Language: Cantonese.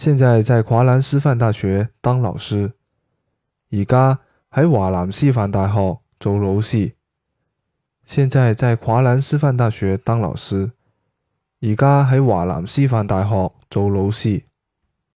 現在在華南師範大學當老師，而家喺華南師範大學做老師。現在在華南師範大學當老師，而家喺華南師範大學做老師。